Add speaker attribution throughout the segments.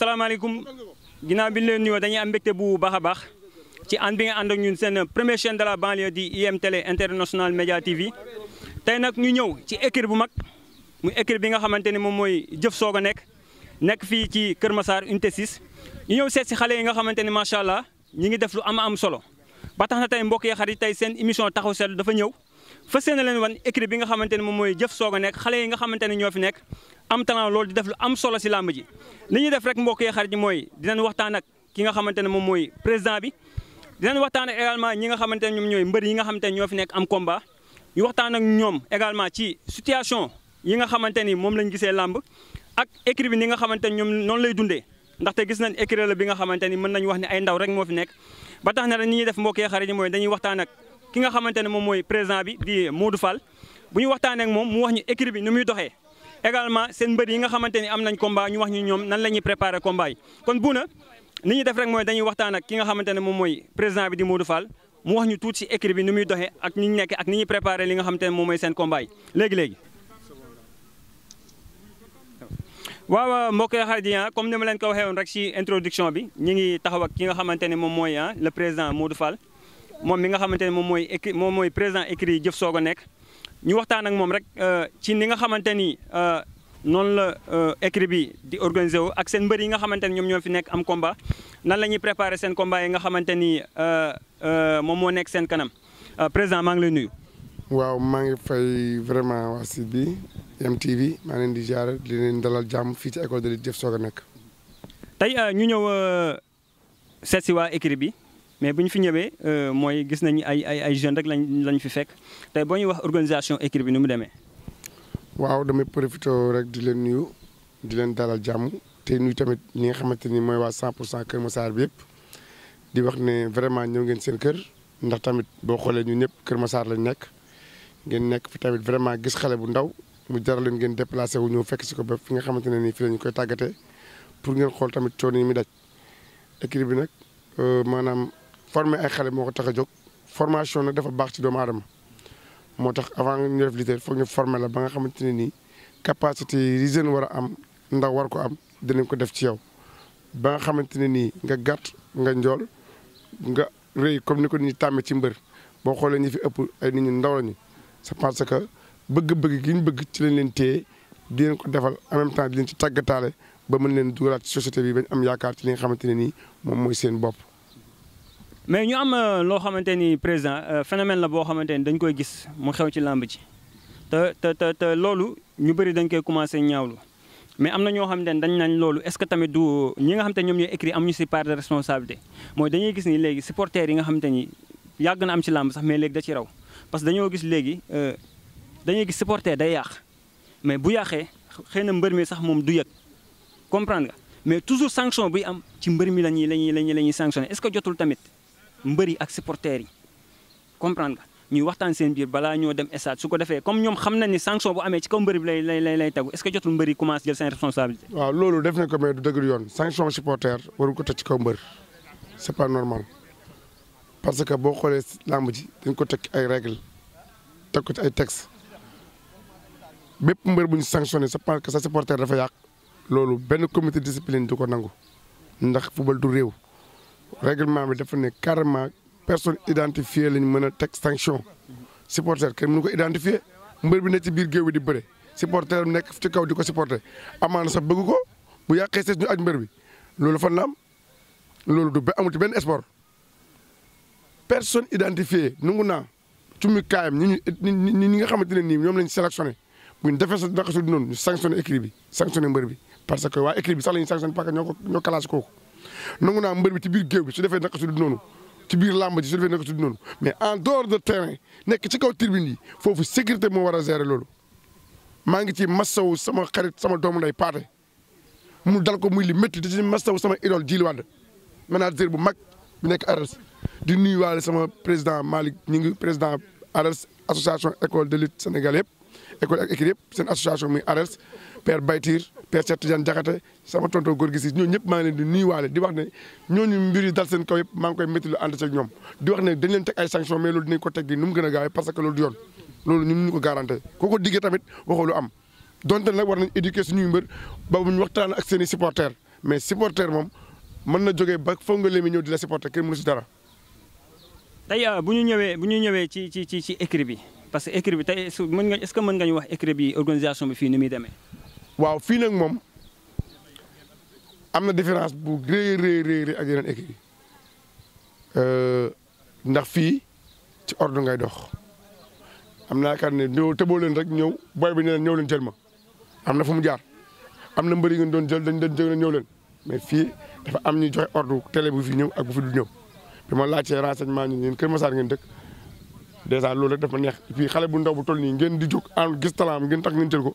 Speaker 1: salaamaaleykum ginnaaw bi ñu leen nuyoo dañuy am mbégte bu baax a baax ci ànd bi nga ànd ak ñun seen première chaîne de la banlieue di IM Télé International Média TV tey nag ñu ñëw ci écrit bu mag mu écrit bi nga xamante ne moom mooy jëf soog a nekk nekk fii ci Kër Massar unité ñu ñëw seet si xale yi nga xamante ne macha allah ñi ngi def lu am am solo ba tax na tey mbokk yi xarit tey seen émission taxaw seetlu dafa ñëw fas yéene leen wan écrit bi nga xamante ne moom mooy jëf soog a nekk xale yi nga xamante ne ñoo fi nekk am talent loolu di def lu am solo si làmb ji li ñuy def rek mbokk yi xarit yi mooy dinañ waxtaan ak ki nga xamante ne moom mooy bi dinañ waxtaan ak également xamante ne ñoom ñooy mbër yi nga xamante ne ñoo fi nekk am combat ñu waxtaan ñoom également ci situation yi nga xamante ni moom lañ gisee làmb ak écrit bi ni nga xamante ne ñoom noonu lay dundee ndaxte gis nañ écrit la xamante ni mën nañu wax ne ay ndaw rek moo fi nekk ba tax na rek ni ñuy xarit yi mooy dañuy waxtaan ak ki nga xamante ne moom mooy président bi di Modou Fall bu ñu waxtaanee ak moom mu wax ñu équipe bi nu muy doxee également seen mbër yi nga xamante ni am nañ combat ñu wax ñu ñoom nan la ñuy préparer combat yi kon Bouna li ñuy def rek mooy dañuy waxtaan ak ki nga xamante ne moom mooy président bi di Modou Fall mu wax ñu tuuti si équipe bi nu muy doxee ak ni ñu nekk ak ni ñuy préparer li nga xamante ne moom mooy seen combat léegi léegi. waaw mbokk yi xarit yi ah, comme ni ma leen ko waxee woon rek si introduction bi ñu ngi taxaw ki nga xamante ne moom mooy ah, le président Modou moom mi nga xamante ne moom mooy écri moom mooy président écrit yi jëf soog nekk ñu waxtaan ak moom rek euh, ci ni nga xamante ni euh, noonu la euh, écrit bi di organisé wu ak seen mbër yi nga xamante ni ñoom ñoo fi nekk am combat nan la ñuy préparé seen combat yi nga xamante ni moom moo nekk seen kanam
Speaker 2: président maa ngi lay nuyu. waaw maa ngi fay vraiment waa site bi MTV maa leen di ziare di leen dalal jàmm fii ci école de jëf soog a nekk.
Speaker 1: tey ñu ñëw seet si waa écrit bi. mais buñ ñu fi ñëwee euh,
Speaker 2: moy gis nañ ay ay ay jeune
Speaker 1: rek lañ lañ fi fekk tay boo ñuy wax organisation équipe bi nu mu demee.
Speaker 2: waaw damay profité rek di leen nuyu di leen dalal jàmm te nuyu tamit ñi nga xamante ni mooy waa 100 pour 100 Kër Massar bi yëpp di wax ne vraiment ñëw ngeen seen kër ndax tamit boo xoolee ñu ñëpp Kër Massar lañ nekk ngeen nekk fi tamit vraiment gis xale bu ndaw mu jaral leen ngeen déplacé wu ñëw fekk si ko ba fi nga xamante ne nii fi lañ ñu koy tàggatee pour ngeen xool tamit coono yi mi daj équipe bi nag euh, maanaam. former ay xale moo ko tax a jóg formation nag dafa baax ci doomu aadama moo tax avant ñu def leader ñu former la ba nga xamante ne nii capacité yi jeune war a am ndaw war ko am dinañ ko def ci yow ba nga xamante ne nii nga gàtt nga njool nga rëy comme ni ko nit ñi tàmmee ci mbër boo xoolee ñi fi ëpp ay nit ñu ndaw lañu c'est parce que bëgg-bëgg gi ñu bëgg ci lañ leen téye di leen ko defal en même temps di leen ci tàggataale ba mën leen dugalaat ci société bi bañ am yaakaar ci li nga ne nii moom mooy seen bopp.
Speaker 1: mais ñu am euh, loo xamante ni président euh, phénomène la boo xamante ni dañ koy gis mu xew ci làmb ji te te te te loolu ñu bëri dañ koy commencé ñaawlu mais am na ñoo xamante ne dañ nañ loolu est-ce que tamit du ñi nga te ñoom ñooy écrit am ñu si part de responsabilité mooy dañuy gis ni léegi supporters yi nga xamante ni yàgg na am ci làmb sax mais léegi da ci raw parce que dañoo gis léegi euh, dañuy gis supporter day yàq mais bu yàqee xëy na mbër mi sax moom du yëg comprendre nga mais toujours sanction buy am ci mbër mi la ñuy la ñuy la ñuy sanctionné est-ce que jotul tamit. mbër yi ak supporters yi comprendre nga ñuy waxtaan seen biir balaa ñoo dem stade su ko defee comme ñoom xam nañ ni sanction bu amee ci kaw mbëri bi lay lay lay tegu est-ce que jotul mbëri commencé jël seen responsabilité.
Speaker 2: waaw loolu def nañ ko mais du ko teg ci kaw mbër sa pas normal parce que boo xoolee làmb ji dañ ko teg ay règles teg ko ci ay textes bépp mbër bu ñu sanctionné c'est parce que sa supporter dafa yàq loolu benn comité discipline du ko nangu ndax football du réew. règlement bi dafa ne carrément personne identifiée lañ mën a teg sanction supporter kenn mënu ko identifier mbër bi ne ci biir géew bi di bëre supporter nekk ci kaw di ko supporter amaana sa bëgg ko bu yàqee sees ñu aj mbër bi loolu fan la am loolu du ba amul ci benn sport personne identifiée nangu naa cummi kaayam ñi ñu ñi nga xamante ne nii ñoom lañ sélectionné bu ñu defee sa naka su noonu ñu sanctionné équipe bi sanctionné mbër bi parce que waa équipe sax la ñuy ko nangu naa mber bi ci biir géew bi su defee naka su dul noonu ci biir làmb ji su defee naka su mais en dehors de terrain nekk ci kaw tribune yi foofu sécurité moo war a gérer loolu. maa ngi ci wu sama xarit sama doomu nday paate mu dal ko muy li métti di ci massawu sama idole Djily Wade manager bu mag bi nekk ARS di nuyuwaale sama président Malick ñu ngi président ARS association école de lutte Sénégal yëpp école ak équipe yëpp seen association mi ARS. père Baytiir père Cheikh Tidiane Diakhaté sama tonton góor ñooñu ñëpp maa ngi leen di nuyuwaale di wax ne ñooñu mbir dal seen kaw yëpp maa koy métti lu ànd ceeg ñoom di wax ne dañ leen teg ay sanction mais loolu dinañ ko teg gi nu mu gën a gaawee parce que loolu du yoon loolu ñun ñu ko garanté koo ko diggee tamit waxoo lu am donte nag war nañ éduquer suñuy mbër ba bu ñu waxtaan ak seen i supporters mais supporters moom mën na jógee ba foog nga léemi ñëw di la supporter euh, bu ñu ñëwee bu
Speaker 1: ñu ñëwee ci ci ci ci écrit bi parce que écrit bi tey su mën nga est-ce que nga ñu wax écrit bi organisation bi fii ni muy demee
Speaker 2: waaw fii nag moom am na différence bu rëy rëy rëy ak yeneen équipe yi euh, ndax fii ci ordre ngay dox am naa yaakaar ne ñëw tëboo leen rek ñëw boy bi ne leen ñëw leen jël ma am na fu mu jaar am na mbëri ngeen doon jël dañ doon jël ñëw leen mais fii dafa am ñu joxe ordre télé bu fi ñëw ak bu fi du ñëw bi ma laajtee renseignement ñu ñeen Kër Massar ngeen dëkk dèjà loolu rek dafa neex et puis xale bu ndaw bu toll nii ngeen di jóg en gis talaam ngeen tax ngeen jël ko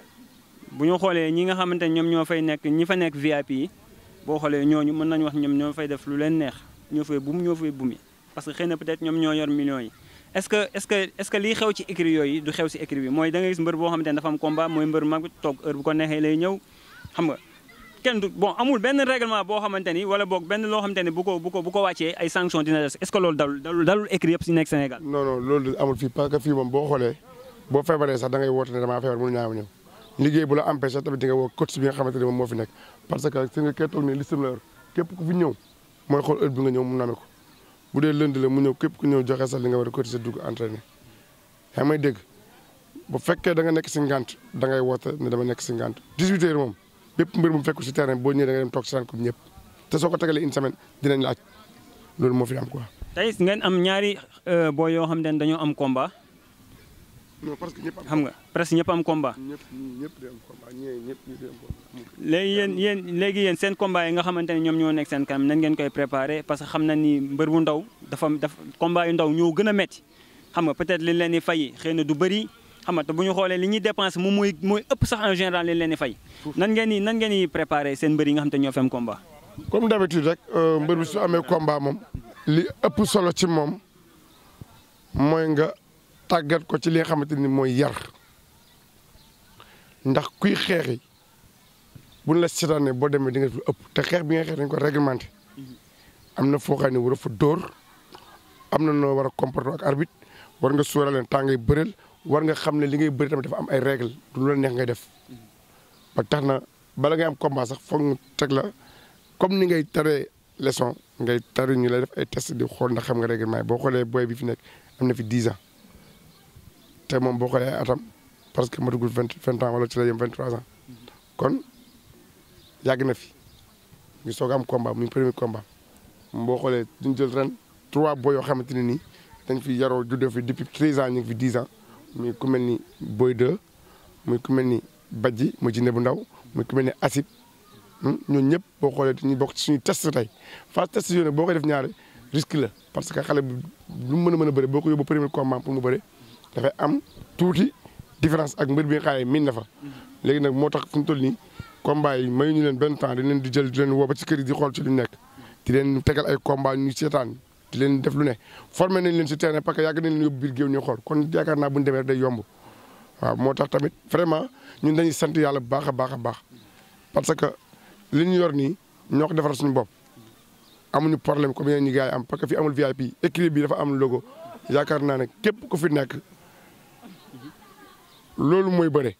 Speaker 1: bu ñu xoolee ñi nga xamante ne ñoom ñoo fay nekk ñi fa nekk VIP yi boo xoolee ñooñu mën nañu wax ñoom ñoo fay def lu leen neex ñoo fay bum ñoo fay bumi parce que xëy na peut-être ñoom ñoo yor millions yi. est-ce que est-ce que est-ce que boo xamante ne dafa boo benn loo xamante ni bu ko bu ko bu ko wàccee ay sanctions dina des est-ce que loolu dalul
Speaker 2: dalul amul fii parce que fii moom boo xoolee boo feebaree sax da ngay ne damaa feebar mënu ñaaw ñëw liggéey bu la empêché tamit di nga woo coach bi nga xamante ne moom moo fi nekk parce que si nga kay toog ne listam képp ku fi ñëw mooy xool heure nga ñëw mu name ko bu dee lundi la mu ñëw képp ku ñëw joxe sax li nga war a cotiser dugg entraîné yaa may dégg bu fekkee da nga nekk si ngant da ngay woote ne dama nekk si ngant 18 heures moom bépp mbir mu fekkul si terrain boo ñëwee da ngay dem toog si saan comme ñëpp te soo ko tegalee une semaine dinañ laaj loolu moo fi am quoi.
Speaker 1: tey ngeen am ñaari euh, boo yoo xam ne dañoo am combat.
Speaker 2: non xam
Speaker 1: nga presque ñëpp am combat.
Speaker 2: ñëpp ñëpp
Speaker 1: léegi yéen léegi yéen seen combat yi nga xamante ne ñoom ñoo nekk seen kanam nañ ngeen koy préparé parce que xam na ni mbër bu ndaw dafa dafa combat yu ndaw ñoo gën a metti xam nga peut-être liñ leen di fay xëy na du bëri xam nga te bu ñu xoolee li ñuy dépense moom mooy mooy ëpp sax en général liñ leen di fay. nan ngeen di nan ngeen di seen mbër yi nga xamante ne ñoo fi am combat.
Speaker 2: comme rek euh, mbër bi su amee combat moom li ëpp solo ci moom mooy nga tàggat ko ci li nga xamante ni mooy yar ndax kuy xeexi buñ la seetaanee boo demee di nga ëpp te xeex bi nga xeex dañ ko réglementé am na foo xam ne war a fa am na noo war a comporter ak arbitre war nga sóoraale leen temps ngay bëreel war nga xam ne li ngay bëri tamit dafa am ay règle du lu la neex ngay def ba tax na bala ngay am combat sax foog nga teg la comme ni ngay taree leçon ngay tari ñu lay def ay test di xool ndax xam nga règlement boo xoolee booy bi fi nekk am na fi 10 ans. te moom boo xoolee atam parce que matagul vingt vingt ans wala ci la yem vingt trois ans kon yàgg na fi ngi soog am combat muy premier combat boo xoolee duñ jël ren trois boy yoo xamante ne nii dañ fi yaroo juddoo fi depuis treize ans ñu ngi fi dix ans muy ku mel ni Boy 2 muy ku mel ni Badji mu jinne bu ndaw ku mel ni Asib hmm? ñun ñëpp boo xoolee dañuy bokk ci suñuy test tey phase test yooyu nag boo koy def ñaare risque la parce que xale bi lu mu mën a mën a bëre boo ko yóbbu premier combat mu bëre dafay am tuuti différence ak mbër bi nga xam ne miin na fa. léegi nag moo tax fu ni toll nii combat yi leen benn temps di leen di jël di leen ci kër yi di xool ci li nekk. di leen tegal ay combat ñu seetaan di leen def lu ne formé nañ leen si terrain parce que ne nañ leen yóbbu biir géew ñu xool kon yaakaar naa bu ñu demee day moo tax tamit vraiment ñun dañuy sant yàlla bu baax a baax a baax parce que li ñu yor nii ñoo ko defaral suñu bopp. amuñu problème comme yeneen ñi gars yi am parce que fi amul VIP écrit bi dafa am logo yaakaar naa ne képp ku fi nekk. loolu mooy bëre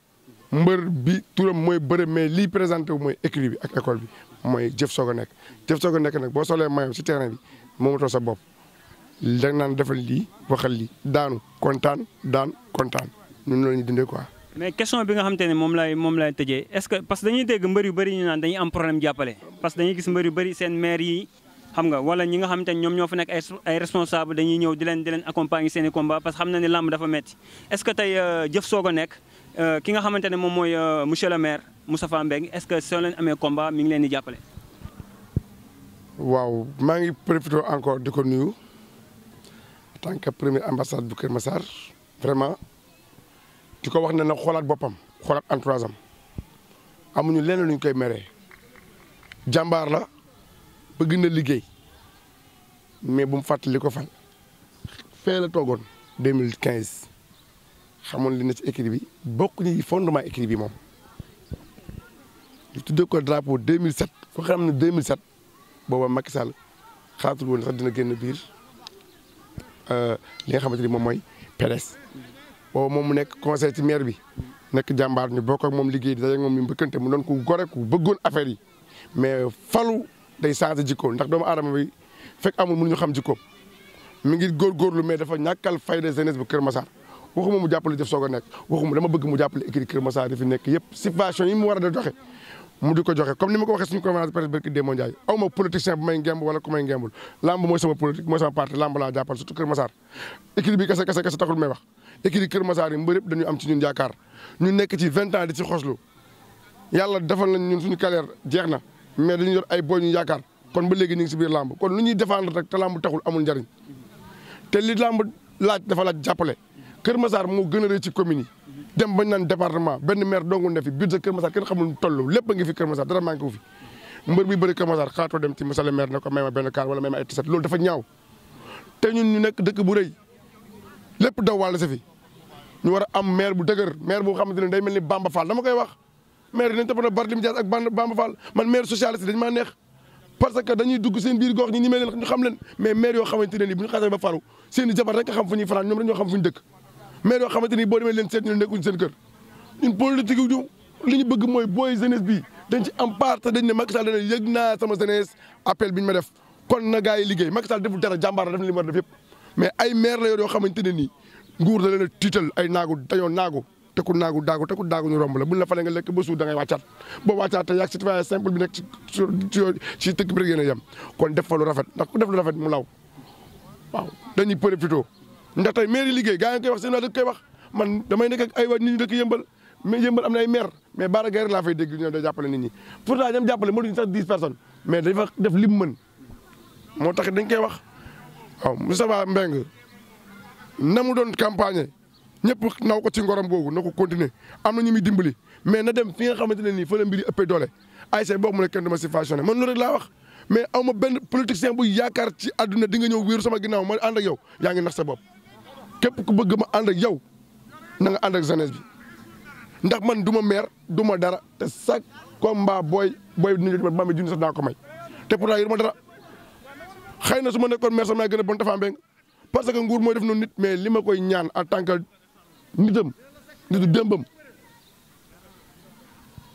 Speaker 2: mbër bi turam mooy bëre mais lii présenté wu mooy écrit bi ak école bi mooy jëf soog a nekk jëf soog a nekk boo solee maillot si terrain bi moomatoo sa bopp da naan defal lii waxal lii daanu kontaan daan kontaan ñun loolu ñu dundee quoi.
Speaker 1: mais question bi nga xamante ne moom lay tëjee est-ce dañuy dégg mbër yu bëri ñu naan dañuy am problème jàppale parce que dañuy gis mbër yu bëri seen maire yi xam nga wala ñi nga xam te ñoom ñoo fa nekk ay responsable dañuy ñëw di leen di leen accompagner seen i combat parce que xam na ne làmb dafa metti est-ce que tey euh, jëf soog a nekk euh, ki nga xamante ne moom mooy euh, monsieur le maire Moustapha Mbengue est-ce que soo leen amee combat mi ngi leen di jàppale
Speaker 2: waaw maa ngi profité encore di ko nuyu en tant que premier ambassade bu Kër Massar vraiment di ko wax ne na xoolaat boppam xoolaat entourage am amuñu lenn luñ koy meree jàmbaar la bëgg na liggéey mais bu mu fàttali ko fan fee la toogoon 2015 xamoon li na ci écrit bi bokk ñi fondement écrit bi moom li tuddee ko drapeau 2007 foo xam ne 2007 booba Macky Sall xaatul woon sax dina génn biir euh, li nga xamante ni moom mooy PDS booba moom mu nekk conseil ci maire bi nekk jàmbaar ñu bokk ak moom liggéey di daje ak moom mi mbëkkante mu doon ko gore ku bëggoon affaire yi mais falu day changer jikko ndax doom adam bi fek amul ñu xam jikko mi ngi gor gor lu me dafa ñàkkal de jeunesse bu keur Massar waxuma mu jàppale def Soga nek waxuma dama bëgg mu jàppale équipe keur Massar yi nek yëpp situation yi mu wara a joxe mu diko joxe comme nima ko waxé suñu conférence presse barki Demba Ndiaye awma ma politicien bu may ngemb wala ku may ngembul lamb moy sama politique moy sama parti lamb la jàppal su keur Massar équipe bi kasse kasse kasse taxul may wax équipe keur Massar yi mbeurep dañu am ci ñun yaakaar ñu nek ci 20 ans di ci xoslu yàlla defal nañ ñun suñu carrière jeex na mais dañu yor ay booy ñu yaakaar kon ba léegi ñu ngi si biir làmb kon lu ñuy défendre rek te làmb taxul amul njariñ te li làmb laaj dafa jàppale Kër Massar moo gën a ci communes yi dem bañ naan département benn maire dongul ne fi budget Kër Massar kenn xamul toll lépp ngi fi Kër Massar dara manqué wu fi mbër bi bëri Kër Massar xaatoo dem ci monsieur le maire ne ko may ma benn kaar wala may ma ay loolu dafa ñaaw te ñun ñu nekk dëkk bu rëy lépp daw wàll sa fi ñu war am maire bu dëgër maire boo xamante ne day mel ni Bamba Fall dama koy wax maire nañ toppandoo Barthélémy Dias ak Bamba Fall man maire socialiste dañ maa neex parce que dañuy dugg seen biir gox ñi ñi mee leen ñu xam leen mais maire yoo xamante ne nii bu ñu xasee ba faru seen i jabar rek nga xam fu ñuy fanaan ñoom rek ñoo xam fu ñu dëkk maire yoo xamante nii boo demee leen seet ñu nekkuñ seen kër ñun politique ñu li ñu bëgg mooy booy jeunesse bi dañ ci am part dañ ne Macky Sall dana yëg naa sama jeunesse appel bi ñu ma def kon na gars yi liggéey Macky Sall deful dara jàmbaar la def na li mu war a def yëpp mais ay maire la yoo xamante ne nii nguur da leen a tiital ay naagu dañoo naagu te ku naagu daagu te ku dagu ñu romb la buñ la fa nga lek bu su da ngay waccat wàccaat boo wàccaatee yàgg citoyen simple bi nek ci ci tekk bi rek yam kon def fa lu rafet ndax ku def lu rafet mu law waaw dañuy profité ndax tay mairie yi gaay gaa koy wax seen waa koy wax man damay nek ak ay wa nit ñi dekk yembal mais yembal am na ay maire mais Bara Gaye la fay dégg ñu day jappale nit ñi pourtant ñam ñoom jàppale mënuñu sax 10 personnes mais dañ fa def lim meun mo tax dañ koy wax waaw Moustapha mbeng namu don campagne ñëpp naw ko ci ngorom boobu na ko continuer am na ñu muy dimbali mais na dem fi nga xamante ne nii fa la mbiri ëppee doole ay say boo mu ne kenn dama si façonné man loolu rek laa wax mais aw ma benn politicien bu yaakaar ci àdduna di nga ñëw wéeru sama ginnaaw ma ànd ak yow yaa ngi nax sa bopp képp ku bëgg ma ànd ak yow na nga ànd ak jeunesse bi ndax man du ma meer du ma dara te chaque combat booy booy dina jot ba ma junni sax naa ko may te pourtant yor ma dara xëy na su ma nekkoon meer sax may gën a bon Tapha parce que nguur mooy def noonu nit mais li ma koy ñaan en tant que nitam nitu démbam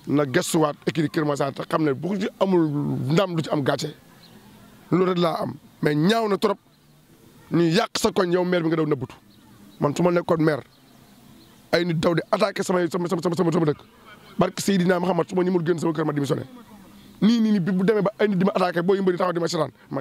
Speaker 2: na gestuwaat écurie Keur Massar te xam ne bu ci amul ndam du ci am gàcce loolu rek laa am mais ñaaw na trop ñuy yàq sa koñ yow maire bi nga daw nëbbutu man su ma nekkoon maire ay nit daw di attaqué samay sama sama sama sama dëkk barke Seydina Muhammad su ma ñëmul génn sama kër ma démissionné nii nii nii bi bu demee ba ay nit di ma boo yu mbëri taxaw di ma seetaan ma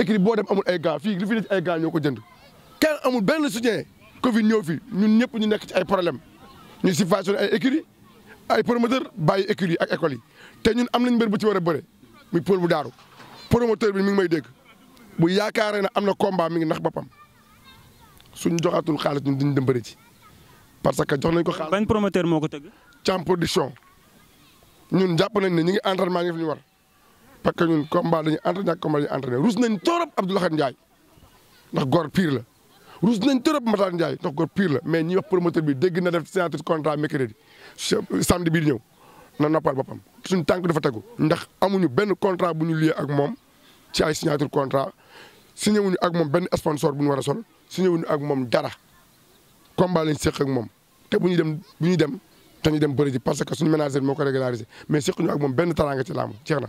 Speaker 2: écrit boo dem amul ay gars fii li fi ne ci ay gars ñoo ko jënd kenn amul benn soutien Covid ñëw fi ñun ñëpp ñu nekk ci ay problème ñu subventionné ay écuries ay promoteur bay écuries ak écoles yi te ñun am nañ mbër bu ci war a bëre muy Paul bu daaru promoteur bi mi ngi may dégg bu yaakaaree ne am na combat mi ngi nax boppam suñu joxaatul xaalis ñun duñ dem bëri ci parce que jox nañ ko xaalis. ban promoteur moo ko tëgg. Champ Production ñun jàpp nañ ne ñu ngi entraînement ñu war. parce que ñun combat dañuy entraîné ak combat dañuy entraîné rus nañ torop Abdoulaye Ndiaye ndax gor pire la. rus nañ torop Matar Ndiaye ndax gor pire la mais ñi wax promoteur bi dégg na def signature contrat mercredi samedi bii di ñëw na noppal boppam suñ tànk dafa tegu. ndax amuñu benn contrat bu ñu lié ak moom ci ay signature contrat signé wuñu ak moom benn sponsor bu ñu war a sol signé wuñu ak moom dara combat lañ séq ak moom te bu ñu dem bu ñu dem te ñu dem moo ko régularisé mais séquñu moom benn taraanga ci laamu na.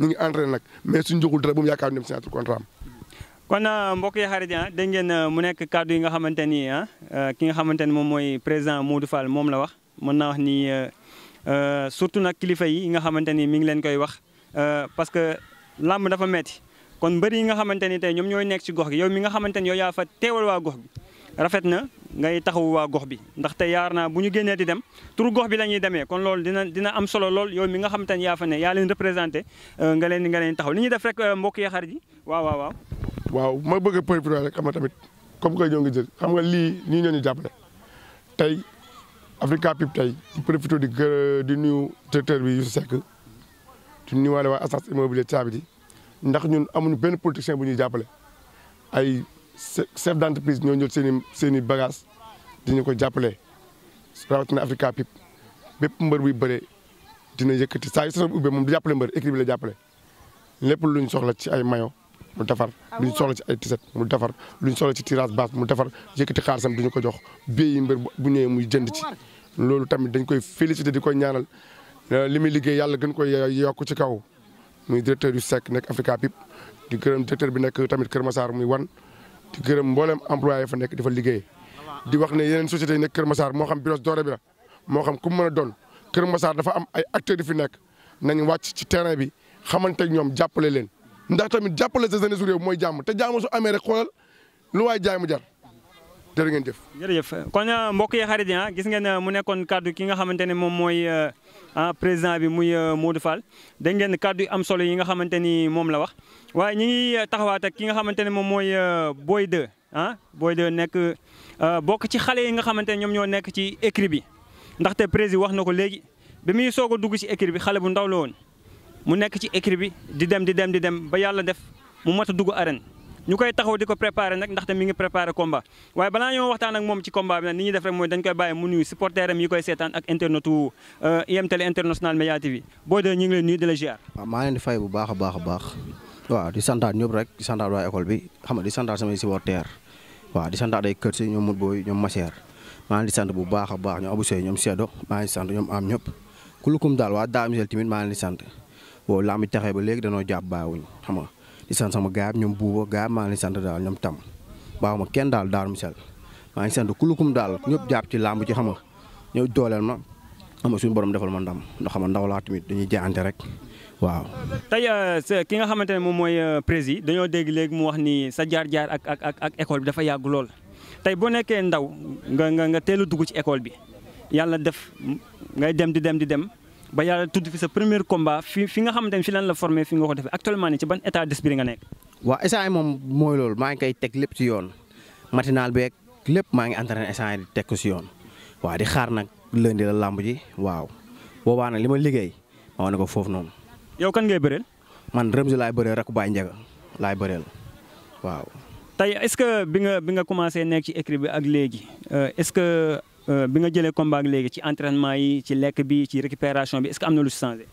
Speaker 2: ñu ngi entraîné nag mais suñu joxul dara bu mu ni ñu dem signature contrat am
Speaker 1: kon euh, mbokk yi xarit yi dégg ngeen euh, mu nekk kàddu yi nga xamante ni ah ki nga xamante ni moom mooy président Modou Fall moom la wax mën naa wax ni surtout nag kilifa yi nga xamante ni mi ngi leen koy wax parce que làmb dafa metti kon mbër yi nga xamante ni tey ñoom ñooy nekk si gox gi yow mi nga xamante ni yow yaa fa teewal waa gox gi rafet na ngay taxaw waa gox bi ndax te yaar naa bu ñu génnee di dem turu gox bi la ñuy demee kon loolu dina dina am solo lool yow mi nga xam te yaa fa ne yaa leen représenté euh, nga leen nga leen taxaw li ñuy def rek euh, mbokk yi xar ji waaw waaw waaw.
Speaker 2: waaw ma bëgg a profité rek xam nga tamit comme que ñoo ngi jël xam nga lii nii ñoo ñu jàppale tey Africa Pub tey di profité di gë di nuyu directeur bi Youssou Seck di nuyuwaale waa agence immobilier caabi ndax ñun amuñu benn politicien bu ñuy jàppale ay. chef d' entreprise ñoo jël seen i seen i bagage diñu ko jàppale rawatina Africa Pip bépp mbër buy bëree dina yëkkati saa yu saison bi moom du jàppale mbër équipe la jàppale lépp lu ñu soxla ci ay mayo mu defar ah lu ñu soxla ci ay tiset mu defar lu ñu soxla ci tirage basse mu defar yëkkati xaalisam du ñu ko jox bee mbër bu ñëwee muy jënd ci loolu tamit dañ koy félicité di koy ñaanal euh, li muy liggéey yàlla gën koy yokk ci kaw muy directeur yu sec nekk Africa Pip di gërëm directeur bi nekk tamit Kër Massar muy wan di gërëm mboolem employé fa nekk di fa liggéey di wax ne yeneen sociétés yi nekk Kër Massar moo xam Brioche Dorée bi la moo xam ku mu mën a doon Kër Massar dafa am ay acteurs yu fi nekk nañ wàcc ci terrain bi xamante ñoom jàppale leen ndax tamit jàppale sa jeunesse réew mooy jàmm te jàmm su amee rek xoolal lu waay jaay mu jar jërë ngeen jëf. jërëjëf
Speaker 1: kon mbokk yi xarit yi ah, gis ngeen mu nekkoon kàddu ki nga xamante ne moom mooy euh, ah président bi muy euh, Modou Fall dégg ngeen kàddu yu am solo yi nga xamante ni moom la wax. waaye ñu ngi euh, taxawaat ak ki nga xamante ne moom mooy euh, Boy 2 ah Boy 2 nekk bokk ci xale yi nga xamante ne ñoom ñoo nekk ci écrit bi ndaxte président wax na ko léegi bi muy soog a dugg ci écrit bi xale bu ndaw la woon mu nekk ci écrit bi di dem di dem di dem ba yàlla def mu mat a dugg arène ñu koy taxaw di ko préparé nag ndaxte mi ngi préparé combat waaye balaa ñoo waxtaan ak moom ci combat bi nag ni ñuy def rek mooy dañ koy bàyyi mu nuyu supporter am yi koy seetaan ak internet wu IMTEL boo dee ñu ngi leen nuyu di la ziar.
Speaker 3: maa leen fay bu baax a a baax waaw di ñëpp rek di waa école bi xam nga di santaat samay supporter waaw di santaat ay kër si ñoom mut booy ñoom maseer maa ngi di bu baax a baax ñoom abusey ñoom seddo maa ngi di sant ñoom am ñëpp kulukum daal waa daa misel tamit di sant waaw laa mi taxee ba léegi danoo jàpp bàyyiwuñ xam nga di san sama gaab ñom buuba gaab ma ngi leen daal tam baaw ma kenn daal dal misal ma ngi sant kulukum dal ñop jaap ci lamb ci xam ñew ñëw ma ama suñu borom defal ma ndam ndax xam ndaw la tamit dañuy jaante rek waaw
Speaker 1: tey eh, ki nga xamantene mom moy eh, prezi dañu deg leg mu wax ni sa jaar-jaar ak ak ak ak école bi dafa yag lool tay bo nekké ndaw nga nga nga teel a dugg ci école bi yalla def ngay dem di dem di dem ba yàlla tudd fi sa premier combat fi fi nga xamante ne fi
Speaker 3: lan la formé fi nga ko defee actuellement nii ci ban état d'esprit nga nekk. waaw instant moom mooy loolu maa ngi koy teg lépp ci yoon matinal beeg lépp maa ngi entraîné instant yi di teg ko si yoon waaw di xaar nag lundi la làmb ji waaw boobaa nag li ma liggéey ma wane ko foofu noonu. yow kan ngay bëreel. man Remzi laay bëreel rek Baye Ndiaga laay bëreel waaw. tey
Speaker 1: est-ce que bi nga bi nga commencé nekk ci bi ak léegi euh, est que Euh, bi nga jëlee combat
Speaker 3: léegi ci entraînement yi ci lekk bi ci récupération bi est-ce que am na lu changé.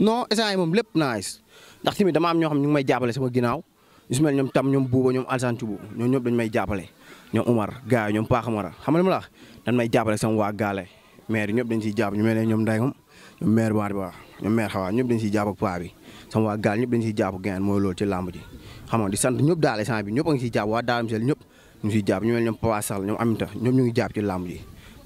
Speaker 3: non échange moom lépp nice ndax tamit dama am ñoo xam may jàppale sama ginnaaw ñu si mel ñoom Tam ñoom Bouba ñoom ñëpp dañu may jàppale ñoom Umar gars yi ñoom Paa xam na li ma la wax dañu may jàppale sama waa gaale maire ñëpp dañ siy jàpp ñu mel ne ñoom Ndeye Ngom ñoom maire Baar Ba ñoom maire Xawa ñëpp dañ siy jàpp ak paa bi sama waa gaal ñëpp dañ siy jàpp gaan mooy loolu ci làmb ji xam nga di sant ñëpp daal échange bi a ñoom Paa ñoom Aminta ñoom ñu ngi jàpp ci làmb ji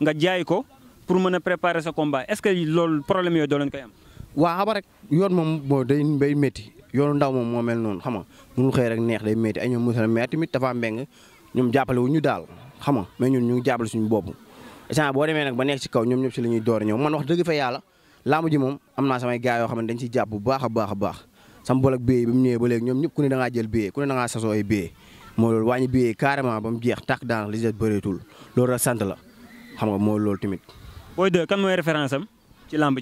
Speaker 1: nga jaay ko pour mën a préparer sa combat est-ce que loolu problème yooyu doo leen koy am.
Speaker 3: waa xam rek yoon moom boo day bay métti yoonu ndaw moom moo mel noonu xam nga mënul xëy rek neex day métti ay ñoom mos a mais tamit dafa mbeng ñoom jàppale wu ñu daal ñun ñu ngi jàppale suñu bopp. instant boo demee nag ba nekk ci kaw ñoom ñëpp ci la ñuy door ñëw man wax dëgg fa yàlla laamu ji moom am naa samay gars yoo xam ne dañ ciy jàpp bu baax a baax a baax sama bolak billet bi mu ñëwee ba léegi ñoom ñëpp ku ne da ngaa jël billet ku ne da mu jeex tàkk daanaka li des bëreetul loolu la xam nga mooy loolu tamit. Boy
Speaker 1: 2 kan mooy référence am ci làmb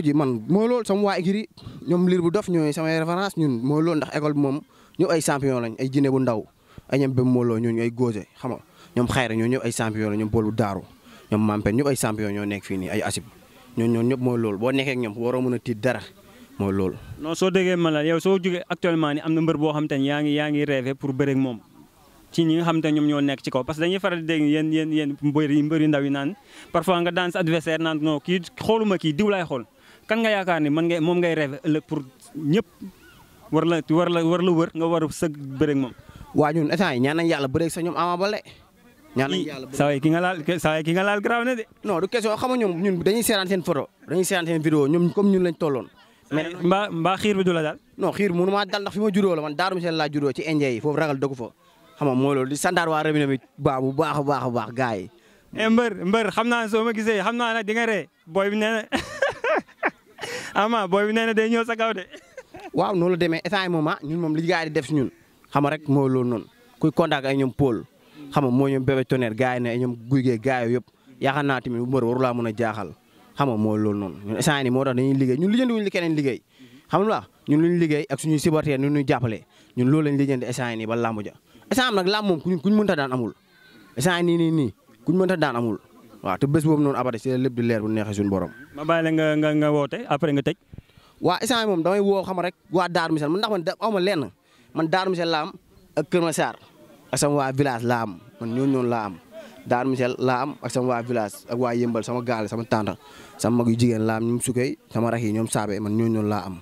Speaker 3: ji. man mooy loolu sama waa écurie ñoom liir bu dof ñooy samay référence ñun mooy loolu ndax école moom ñëpp ay champion lañ ay bu ndaw ñoom bém ñoom ay champion ñoom nekk fii nii ay asib ñooñu ñoom mooy loolu boo nekkee ñoom waroo mën a tiit dara mooy loolu. non soo
Speaker 1: déggee ma la soo jógee actuellement ni am na mbër boo xam te yaa ngi yaa ngi rêvé pour bëre moom ci ñi nga xamante ñom ñoo nekk ci kaw parce que dañuy faral di dégg yeen yeen yeen mbër yi mbër yu ndaw yi naan parfois nga daan adversaire naan non ki xoluma ki diw lay xol kan nga yaakaar ni man ngay mom ngay rêve le pour ñëpp
Speaker 3: war la war la war la wër nga war a bëre ak mom wa ñun état yi ñaan nañ yàlla bëreeg sa ñom Ama ba lé ñaan nañ yalla sa way ki nga laal sa way ki nga laal graw na dé non du question xam nga ñoom ñun dañuy seetaan seen photo dañuy seetaan seen vidéo ñom comme ñun lañ tollon mais mbaa mbaa xiir bi dula dal daal non xiir mënu maa dal ndax fima juro la man daaru mi sen la juro ci indien yi foofu ragal dogu fa xam nga mooy loolu di santaat waa Remina bi bu baax baax baax gaay yi. Eh, mbër
Speaker 1: mbër xam naa soo ma gisee xam naa nag di nga ree booy bi nee na ama booy bi nee na day ñëw sa kaw de.
Speaker 3: waaw noonu la demee état yi moom ah, ñun moom li gars di def si ñun xam nga rek mooy loolu noonu kuy contact ay ñoom Paul xam nga mooy ñoom bébé tonnerre gars yi ne ay ñoom guy gee gars yooyu yëpp yaakaar naa tamit mbër waru laa mën a jaaxal xam nga mooy loolu noonu ñun état yi moo tax dañuy liggéey ñun lijjanti wuñ li keneen liggéey xam nga ñun lu ñu liggéey ak suñuy supporters ñu ñuy jàppale ñun loolu lañ lijjanti état yi ba ja instant nag làmb moom kuñ kuñ mënta daan amul instant nii nii nii kuñ mënta daan amul waaw te bés boobu noonu abada si lépp di leer bu neexee suñu borom. ma bàyyi la nga woote après nga teg waa instant moom damay woo xam rek waa daar Missel man ndax man da aw ma lenn man daar Missel laa am ak Kër Massar ak sama waa village laa am man ñooñu noonu laa am Darou Missel laa am ak sama waa village ak Yëmbal sama gaal sama tànta sama mag yu jigéen laa am ñoom sukey sama rax yi ñoom saabe man ñooñu noonu laa am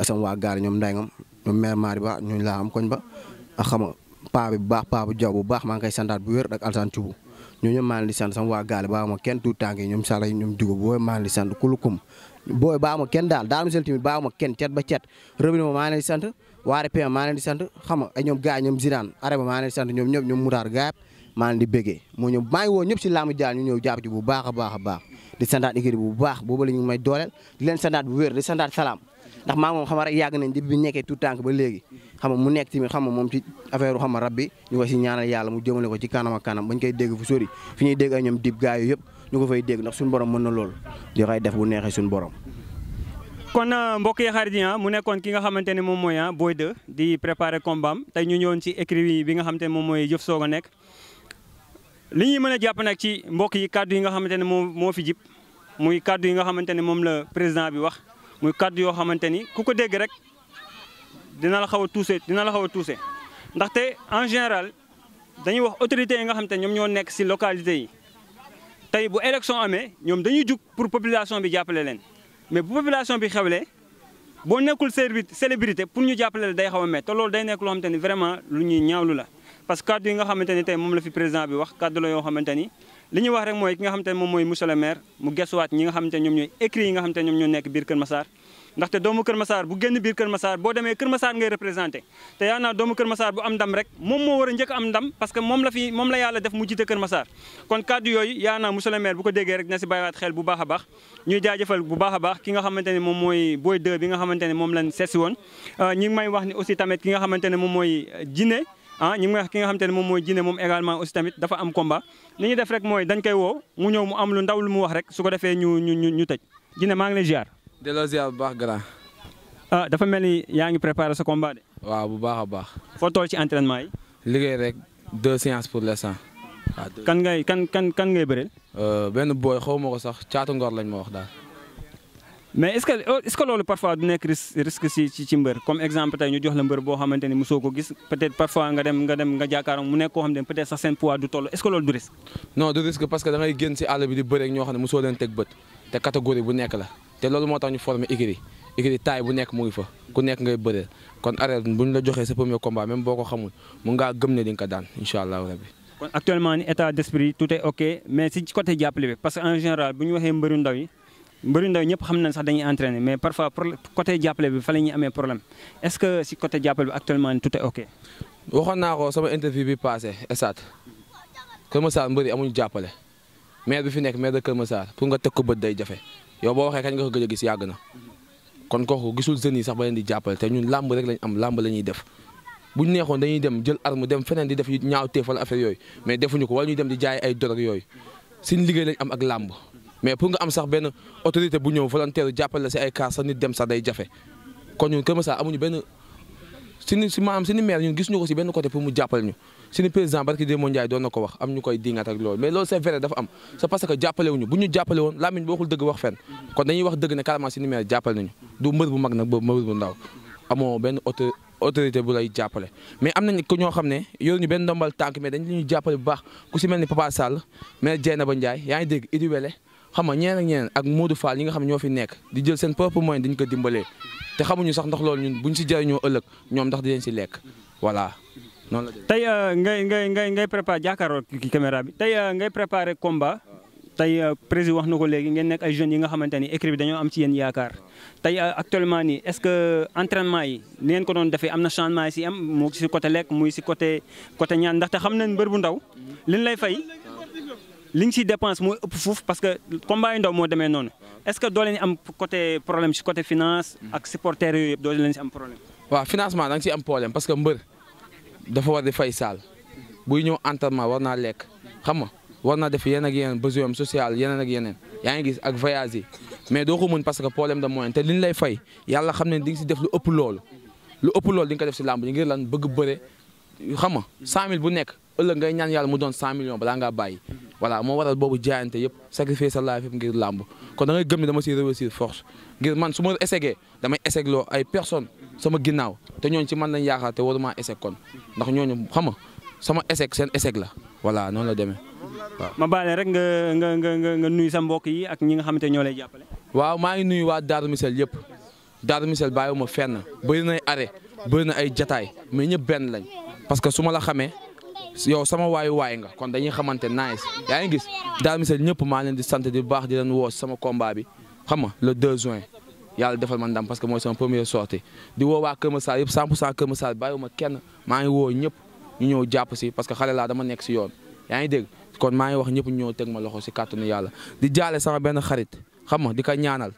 Speaker 3: ak sama waa ñoom ndayngam ñoom mère ba ñooñu laa am koñ ba ak xam nga paa bu baax paa bu jaw bu baax maa ngi koy santaat bu wér ak alsaan cubu ñooñu maa ngi di sant sama waa gaale baa ma kenn tuut tànk yi ñoom sala yi ñoom dugub booy maa ngi di sant kulukum booy baa ma kenn daal daal misel tamit ma kenn ba cet rëbina ma maa ngi di sant waare pm maa ngi di sant xam nga ay ba maa ngi di sant a a baax booba la ñu di leen bu wér di santaat salaam ndax maa moom xam nga rek yàgg nañ depuis bi nekkee tout tànk ba léegi xam nga mu nekk tamit xam nga moom ci affaire xam nga rab ñu ko si ñaanal yàlla mu jëmale ko ci kanam ak kanam bañ koy dégg fu sori fi ñuy dégg ay ñoom dib gaay yëpp ñu ko fay dégg ndax suñu borom mën na lool di koy def bu suñu borom
Speaker 1: kon euh, mbokk yi ah, mu nekkoon ki nga xamante ne moom mooy ah, Boy 2 di préparer combat am tey ñu ñëwoon ci écrit bi nga xamante ne moom mooy jëf soog nekk li ñuy mën a jàpp nag ci mbokk yi kàddu yi nga xamante ne moom moo fi jib muy kàddu yi nga xamante ne moom la président bi wax muy kàddu yoo xamante ni ku ko dégg rek dina la xaw a tuuse dina la xaw a tuuse ndaxte en général dañuy wax autorité yi nga xamante ñoom ñoo nekk si localité yi tey bu élection amee ñoom dañuy jug pour population bi jàppale leen mais bu population bi xewlee boo nekkul service célébrité pour ñu jàppale la day xaw a met te loolu day nekk loo xamante ni vraiment lu ñuy ñaawlu la parce que kàddu yi nga xamante ni tey moom la fi président bi wax kàddu la yoo xamante ni li ñuy wax rek mooy ki nga xam te ne moom mooy monsieur le maire mu gesuwaat ñi nga xam te ñoom ñooy écrits yi nga xam te ñoom ñoo nekk biir Kër Massar ndaxte doomu Kër Massar bu génn biir Kër Massar boo demee Kër Massar ngay représenté te yaa naa doomu Kër Massar bu am ndam moom moo war a njëkk am moom la fi moom la yàlla si bàyyiwaat ki nga xamante ne moom mooy Boy ah ñi ngi wax ki nga xam te moom mooy Djiné moom également aussi tamit dafa am combat li ñu def rek mooy dañ koy woo mu ñëw mu am lu ndaw lu mu wax rek su ko defee ñu ñu ñu ñu tëj Djiné maa ngi lay ziar.
Speaker 4: delloo ziar bu baax grand.
Speaker 1: ah dafa mel ni yaa ngi préparé sa combat de. waaw bu baax a baax. foo tool ci entraînement yi. liggéey rek deux séances pour l'instant. kan ngay kan kan kan ngay bëreel. Euh, benn booy xaw ma ko sax caatu ngor lañ ma wax daal. mais est ce que euh, est ce que loolu parfois du nekk risque si ci mbër comme exemple tey ñu jox la mbër boo xamante ni mosoo ko gis peut parfois nga dem nga dem nga jàkkaaram mu nekk koo xam ne
Speaker 4: ngay génn si àll bi di bëreeg ñoo xam ne mosoo leen teg bët te catégorie bu nekk la te loolu moo tax ñu mu ngay bëreel kon arrêt bu ñu la joxee sa premier combat même boo ko xamul mun ngaa gëm ne di daan incha allahu rabbi kon actuellement ni état d' tout est ok mais si côté jàppale bi parce que en général bu ñu waxee
Speaker 1: mbëru ndaw yi mbëri ndaw ñëpp xam nañ sax dañuy entraîner mais parfois côté jàppale bi fa la ñuy amee problème
Speaker 4: est-ce que si côté jàppale bi actuellement tout est ok. waxoon naa ko sama interview bi passé Esat Kër Massar mbëri amuñu jàppale maire bi fi nekk maire de Kër Massar pour nga teg ko bët day jafe yow boo waxee kañ nga ko gëj a gis yàgg na kon kooku gisul jeunes yi sax ba leen di jàppale te ñun làmb rek lañ am làmb lañuy def. bu ñu neexoon dañuy dem jël arme dem feneen di def ñaaw téef wala affaire yooyu mais defuñu ko wala ñuy dem di jaay ay dorog yooyu suñu liggéey lañ am ak làmb mais pour nga am sax benn autorité bu ñëw volontaire jàppale la si ay cas sax nit dem sax day jafe kon ñun Kër Massar amuñu benn suñu si maanaam suñu maire ñun gis ñu ko si benn côté pour mu jàppale ñu am ñu koy dingat ak loolu mais loolu c'est vrai dafa am c'est parce que jàppale wuñu bu ñu jàppale woon làmmiñ waxul dëgg wax fenn kon dañuy wax dëgg ne carrément suñu maire bu benn auto lay jàppale mais am nañ ko ñoo xam ne yor ñu benn ndombal tànk mais dañ li ñu jàppale bu baax ku si mel ni Papa Sall maire Dieynaba Ndiaye yaa ngi dégg Idi Wele xam nga ñeen ak ñeen ak Modou Fall nga xam ñoo fi nekk di jël seen propre moyen dañ ko dimbalee te xamuñu sax ndax loolu ñun bu ñu si jëriñoo ëllëg ñoom ndax dinañ si lekk voilà noonu
Speaker 1: la tey euh, ngay ngay ngay ngay préparé jàkkaarloo ki caméra bi tey euh, ngay préparé komba tey euh, président wax na ko léegi ngeen nekk ay jeunes yi nga xamante ni équipe bi dañoo am ci yéen yaakaar tey actuellement nii est-ce que entraînement yi ni ngeen ko doon defee am na changement yi si am mu si côté lekk muy si côté côté ñaan ndaxte xam na mbër bu ndaw liñ lay fay li nga si dépense mooy ëpp fuuf parce que combat yu ndaw moo demee noonu est-ce que doo leen am côté problème si côté finance mm. ak supporters yooyu yëpp si am problème.
Speaker 4: waaw financement da nga si am problème parce que mbër dafa war di fay saal buy ñëw entraînement war naa lekk xam nga war naa def yeneen ak yeneen besoin social yeneen ak yeneen yaa ngi gis ak voyage yi mais doo ko parce que problème de moyen te li ñu lay fay yàlla xam ne di nga si def lu ëpp loolu lu ëpp loolu ko def si làmb yi ngir lan bëgg bëre xam nga 100000 bu nekk. ëllëg ngay ñaan yàlla mu doon cent millions balaa ngaa bàyyi voilà moo waral boobu jaayante yëpp sacrifice sa life yëpp ngir làmb kon da ngay gëm ne dama siy réussir force ngir man su ma essayé damay essayé ay personne sama ginnaaw te ñooñu ci man lañ yaakaar te waruma essayé kon ndax ñooñu xam nga sama essayé seen essayé la voilà noonu la demee waaw. ma baale rek nga nga nga nga nuyu sa mbokk yi ak ñi nga xamante ñoo lay jàppale. waaw maa ngi nuyu waa Darou Missel yëpp Darou Missel bàyyiwuma fenn bëri na ay arrêt bëri na ay jataay mais ñëpp benn lañ parce yow sama waayu waay nga kon dañuy xamante nice yaa ngi gis daal misal ñëpp maa leen di sant di baax di leen woo sama combat bi xam nga le 2 juin yàlla defal ma ndam parce que mooy sama première sortie di woo waa Kër Massar yëpp 100 pour cent Kër Massar bàyyiwuma kenn maa ngi woo ñëpp ñu ñëw jàpp si parce que xale laa dama nekk si yoon yaa ngi dégg kon maa ngi wax ñëpp ñëw teg ma loxo si kàttanu yàlla di jaale sama benn xarit xam nga di ko ñaanal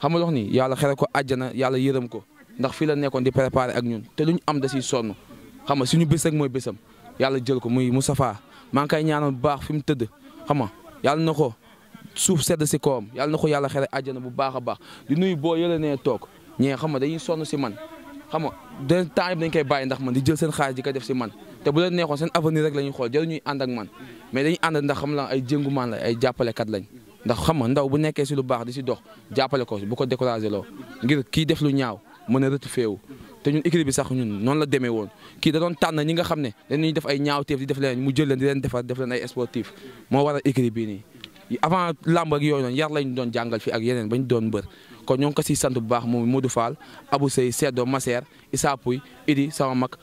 Speaker 4: xam nga lox ni yàlla xere ko àjjana yàlla yërëm ko ndax fii la nekkoon di préparé ak ñun te lu am da siy sonn xam nga suñu bés mooy bésam yàlla jël ko muy Moustapha maa ngi kay ñaanal bu baax fi mu tëdd xam nga yàlla na ko suuf sedd si kawam yàlla na ko yàlla xere àjjana bu baax a baax di nuyu boo yële nee toog ñee xam nga dañuy sonn si man xam nga den temps yëpp dañ koy bàyyi ndax man di jël seen xaalis di ko def si man te bu leen neexoon seen avenir rek la ñuy xool jël ñuy ànd man mais dañuy ànd ndax xam la ay jéngumaan la ay jàppalekat lañ ndax xam nga ndaw bu nekkee si lu baax di si dox jàppale ko bu ko découragé loo ngir kii def lu ñaaw mën a rëtu féewu te ñun équipe bi sax ñun noonu la demee woon kii da doon tànn ñi nga xam ne dañuy def ay ñaawteef di def leen mu jël leen di leen defar def leen ay sportif moo waral équipe bii nii avant làmb ak yooyu noonu yar lañ doon jàngal fi ak yeneen bañ doon mbër kon ñoo ngi ko siy sant bu baax moom Modou Fall Abou Seye Seddo Maser Issa Pouy Idi sama mag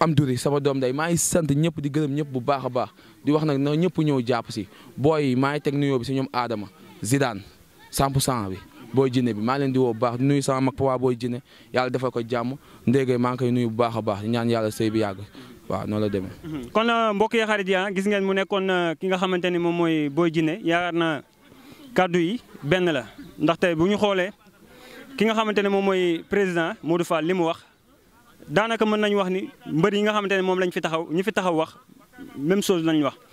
Speaker 4: am duri sama doom day maa ngi sant ñëpp di gërëm ñëpp bu baax a baax di wax nag na ñëpp ñëw jàpp si booy yi maa ngi teg nuyoo bi si ñoom Adama Zidane 100 pour 100 bi booy jinne bi maa leen diwoo bu baax nuyu sama mag papa booy jinne yàlla defal ko jàmm ndéegay maa ngi koy nuyu bu baax a ñaan yàlla sëy bi yàgg waaw noo la demee. Mhm. kon euh, mbokk yi
Speaker 1: xarit ya ah, gis ngeen mu nekkoon euh, ki nga xamante ni moom mooy Boy Djiné yaakaar na kàddu yi benn la ndaxte bu ñu xoolee ki nga xamante ne moom mooy président Modou Fall li mu wax daanaka mën nañu wax ni mbër yi nga xamante ne moom lañ fi taxaw ñi fi taxaw wax même chose lañ wax.